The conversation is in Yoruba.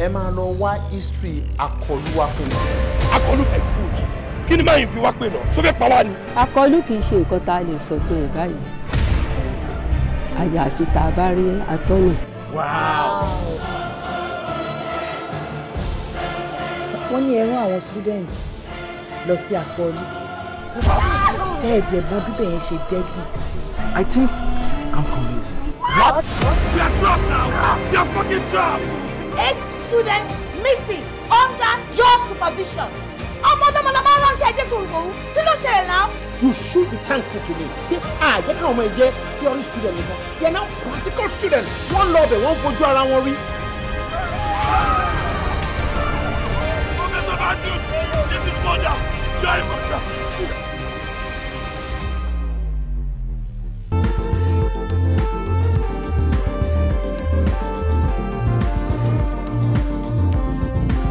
ẹ máa lọ wá history àkọlù wa fún mi. àkọlù by foot kí ni máyì fi wá pè náà sófẹ́ pa wá ni. àkọlù kì í ṣe nǹkan tá a lè sọ tó ẹ báyìí àyàfi tá a bá rí atọ́nà. wow. wọ́n ní ẹ̀rọ àwọn students lọ sí àkọlù ṣe ẹ̀dì ẹ̀bọn bíbẹ̀ yẹn ṣe deadly. I think I'm convinced. What? We are trapped now! We are fucking trapped! It's students missing under your supervision. ọmọ ọlọ́mọ la máa ránṣẹ́ ẹjẹ́ tó ìgbòho kí ló ṣẹlẹ̀ náà. you should be thankful to me pé àjẹ́ káwọn ọmọ ẹ̀jẹ̀ bí only student nìkan they are now practical students wọ́n lọ ọbẹ̀ wọ́n fojú ara wọn rí. Professor Matthews, this is murder. You are a murderer.